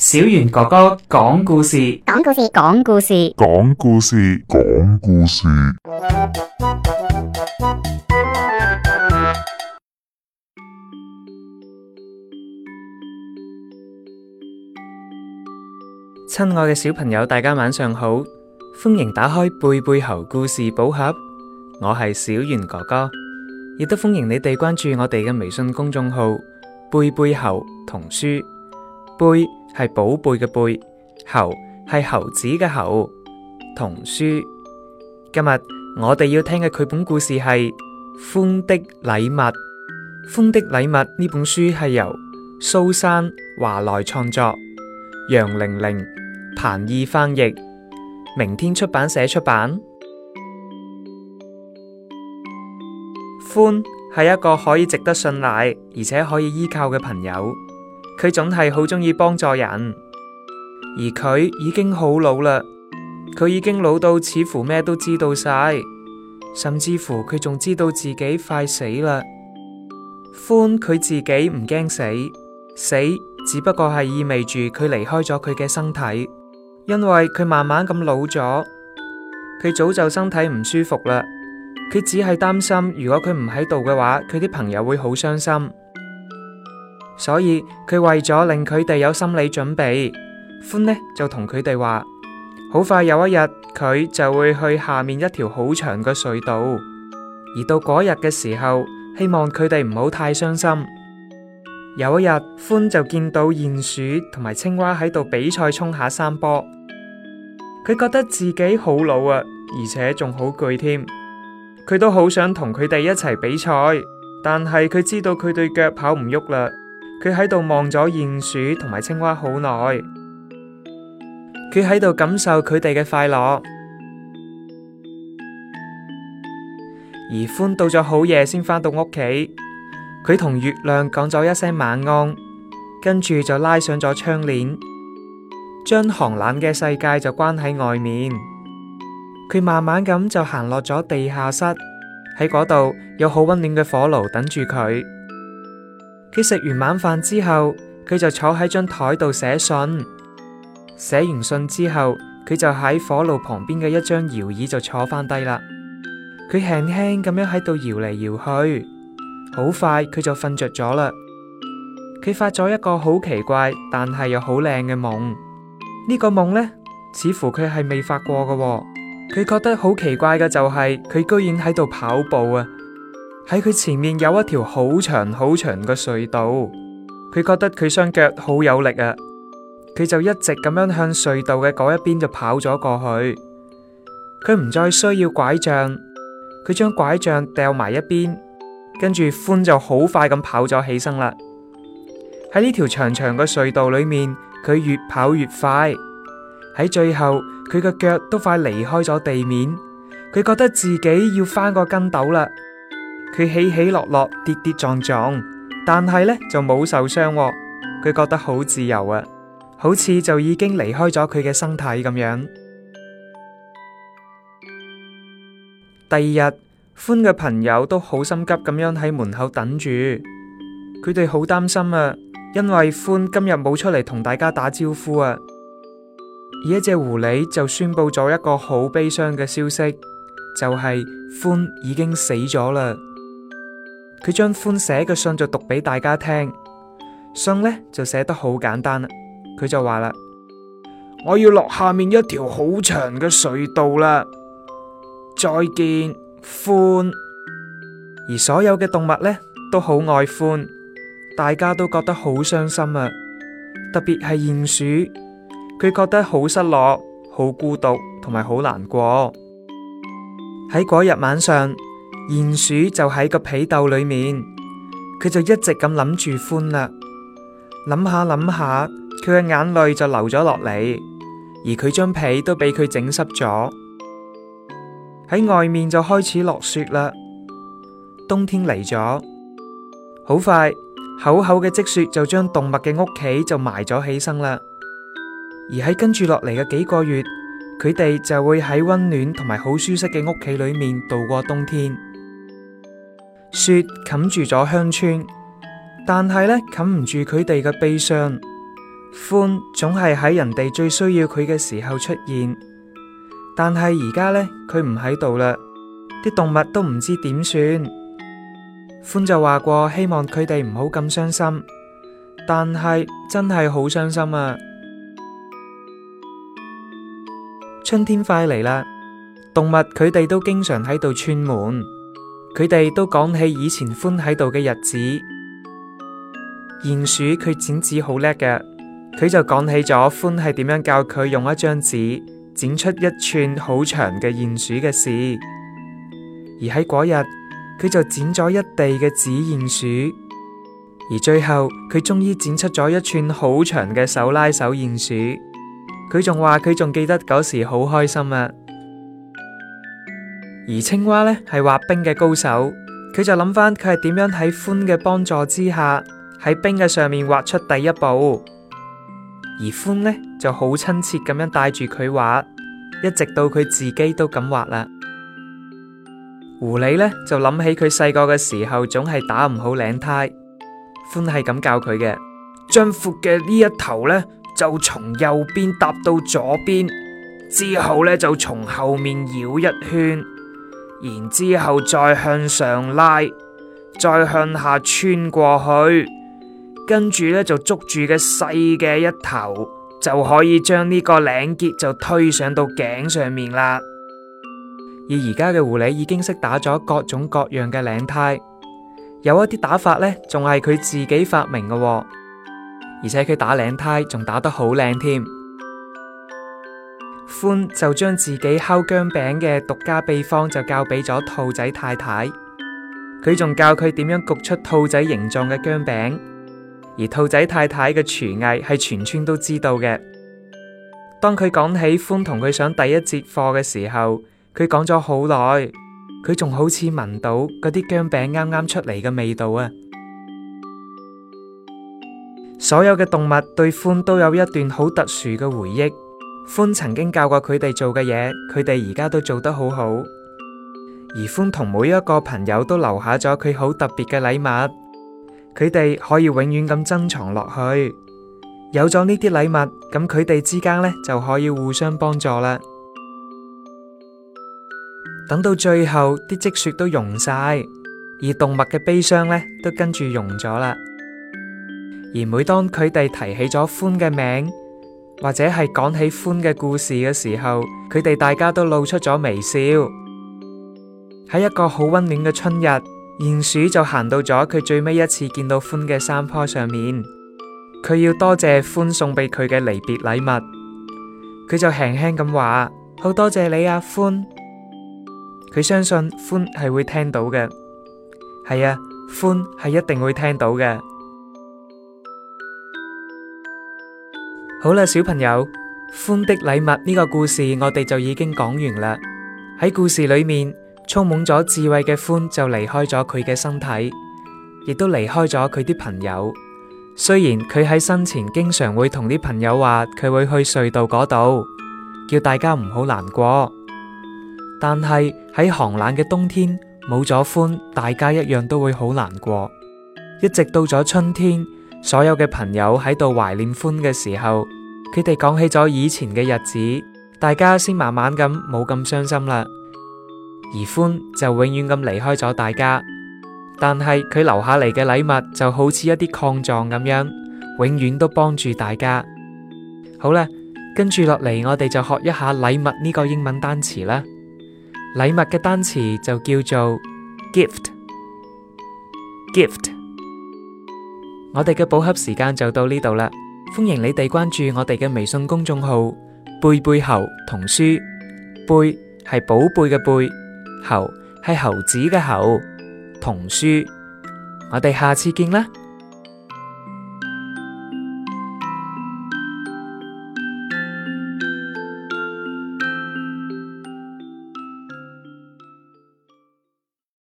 小袁哥哥講故事，講故事，講故事，講故事，講故事，講故事。親愛嘅小朋友，大家晚上好，歡迎打開貝貝猴故事寶盒。我係小袁哥哥，亦都歡迎你哋關注我哋嘅微信公眾號貝貝猴童書貝。係寶貝嘅貝，猴係猴子嘅猴。童書，今日我哋要聽嘅繪本故事係《獾的禮物》。《獾的禮物》呢本書係由蘇珊華萊創作，楊玲玲、彭懿翻譯，明天出版社出版。獾係一個可以值得信賴而且可以依靠嘅朋友。佢總係好鍾意幫助人，而佢已經好老啦。佢已經老到似乎咩都知道晒，甚至乎佢仲知道自己快死啦。獾佢自己唔驚死，死只不過係意味住佢離開咗佢嘅身體，因為佢慢慢咁老咗，佢早就身體唔舒服啦。佢只係擔心，如果佢唔喺度嘅話，佢啲朋友會好傷心。所以佢為咗令佢哋有心理準備，獾呢就同佢哋話：好快有一日佢就會去下面一條好長嘅隧道。而到嗰日嘅時候，希望佢哋唔好太傷心。有一日，獾就見到鼴鼠同埋青蛙喺度比賽衝下山坡，佢覺得自己好老啊，而且仲好攰添。佢都好想同佢哋一齊比賽，但係佢知道佢對腳跑唔喐啦。佢喺度望咗鼹鼠同埋青蛙好耐，佢喺度感受佢哋嘅快樂。而獾到咗好夜先返到屋企，佢同月亮講咗一聲晚安，跟住就拉上咗窗簾，將寒冷嘅世界就關喺外面。佢慢慢咁就行落咗地下室，喺嗰度有好溫暖嘅火爐等住佢。佢食完晚飯之後，佢就坐喺張台度寫信。寫完信之後，佢就喺火爐旁邊嘅一張搖椅就坐返低啦。佢輕輕咁樣喺度搖嚟搖去，好快佢就瞓着咗啦。佢發咗一個好奇怪但係又好靚嘅夢。呢、呢個夢呢，似乎佢係未發過㗎。佢覺得好奇怪嘅就係、係，佢居然喺度跑步啊！喺佢前面有一條好長好長嘅隧道，佢覺得佢雙腳好有力啊，佢就一直咁樣向隧道嘅嗰一邊就跑咗過去。佢唔再需要拐杖，佢將拐杖掉埋一邊，跟住獾就好快咁跑咗起身啦。喺呢條長長嘅隧道裏面，佢越跑越快，喺最後佢嘅腳都快離開咗地面，佢覺得自己要翻個跟斗啦。佢起起落落，跌跌撞撞，但係咧就冇受傷喎。佢覺得好自由啊，好似就已經離開咗佢嘅身體咁樣。第二日，獾嘅朋友都好心急咁樣喺門口等住，佢哋好擔心啊，因為獾今日冇出嚟同大家打招呼啊。而一隻狐狸就宣佈咗一個好悲傷嘅消息，就係獾已經死咗啦。佢將獾寫嘅信就讀俾大家聽，信咧就寫得好簡單啦。佢就話啦：我要落下面一條好長嘅隧道啦。再見，獾。而所有嘅動物咧都好愛獾，大家都覺得好傷心啊。特別係鼹鼠，佢覺得好失落、好孤獨同埋好難過。喺嗰日晚上。鼹鼠就喺個被竇裏面，佢就一直咁諗住獾啦。諗下諗下，佢嘅眼淚就流咗落嚟，而佢張被都俾佢整濕咗。喺外面就開始落雪啦，冬天嚟咗，好快厚厚嘅積雪就將動物嘅屋企就埋咗起身啦。而喺跟住落嚟嘅幾個月，佢哋就會喺溫暖同埋好舒適嘅屋企裏面度過冬天。雪冚住咗鄉村，但係呢冚唔住佢哋嘅悲傷。獾總係喺人哋最需要佢嘅時候出現，但係而家呢，佢唔喺度啦，啲動物都唔知點算。獾就話過希望佢哋唔好咁傷心，但係真係好傷心啊！春天快嚟啦，動物佢哋都經常喺度串門。佢哋 都講起以前獾喺度嘅日子。鼹鼠佢剪紙好叻嘅，佢就講起咗獾係點樣教佢用一張紙剪出一串好長嘅鼹鼠嘅事，而喺嗰日佢就剪咗一地嘅紙鼹鼠，而最後佢終於剪出咗一串好長嘅手拉手鼹鼠，佢仲話佢仲記得舊時好開心啊！而青蛙呢，係滑冰嘅高手，佢就諗翻佢係點樣喺獾嘅幫助之下喺冰嘅上面滑出第一步。而獾呢，就好親切咁樣帶住佢滑，一直到佢自己都咁滑啦。狐狸呢，就諗起佢細個嘅時候總係打唔好領呔，獾係咁教佢嘅，將闊嘅呢一頭呢，就從右邊搭到左邊，之後呢，就從後面繞一圈。然之後再向上拉，再向下穿過去，跟住咧就捉住嘅細嘅一頭，就可以將呢個領結就推上到頸上面啦。而而家嘅狐狸已經識打咗各種各樣嘅領呔，有一啲打法咧仲係佢自己發明嘅，哦，而且佢打領呔仲打得好靚添。獾就將自己烤薑餅嘅獨家秘方就教俾咗兔仔太太，佢仲教佢點樣焗出兔仔形狀嘅薑餅，而兔仔太太嘅廚藝係全村都知道嘅。當佢講起獾同佢上第一節課嘅時候，佢講咗好耐，佢仲好似聞到嗰啲薑餅啱啱出嚟嘅味道啊！所有嘅動物對獾都有一段好特殊嘅回憶。獾曾經教過佢哋做嘅嘢，佢哋而家都做得好好。而獾同每一個朋友都留下咗佢好特別嘅禮物，佢哋可以永遠咁珍藏落去。有咗呢啲禮物，咁佢哋之間呢就可以互相幫助啦。等到最後，啲積雪都融晒，而動物嘅悲傷呢都跟住融咗啦。而每當佢哋提起咗獾嘅名，或者係講起獾嘅故事嘅時候，佢哋大家都露出咗微笑。喺一個好溫暖嘅春日，鼹鼠就行到咗佢最尾一次見到獾嘅山坡上面。佢要多謝獾送俾佢嘅離別禮物，佢就輕輕咁話：好多謝你啊，獾！佢相信獾係會聽到嘅。係啊，獾係一定會聽到嘅。好啦，小朋友，獾的禮物呢個故事我哋就已經講完啦。喺故事裏面，充滿咗智慧嘅獾就離開咗佢嘅身體，亦都離開咗佢啲朋友。雖然佢喺生前經常會同啲朋友話佢會去隧道嗰度，叫大家唔好難過，但係喺寒冷嘅冬天，冇咗獾，大家一樣都會好難過。一直到咗春天。所有嘅朋友喺度懷念獾嘅時候，佢哋講起咗以前嘅日子，大家先慢慢咁冇咁傷心啦。而獾就永遠咁離開咗大家，但係佢留下嚟嘅禮物就好似一啲礦藏咁樣，永遠都幫助大家。好啦，跟住落嚟我哋就學一下禮物呢個英文單詞啦。禮物嘅單詞就叫做 gift，gift。我哋嘅寶盒時間就到呢度啦，歡迎你哋關注我哋嘅微信公眾號《貝貝猴童書》。貝係寶貝嘅貝，猴係猴子嘅猴，童書。我哋下次見啦。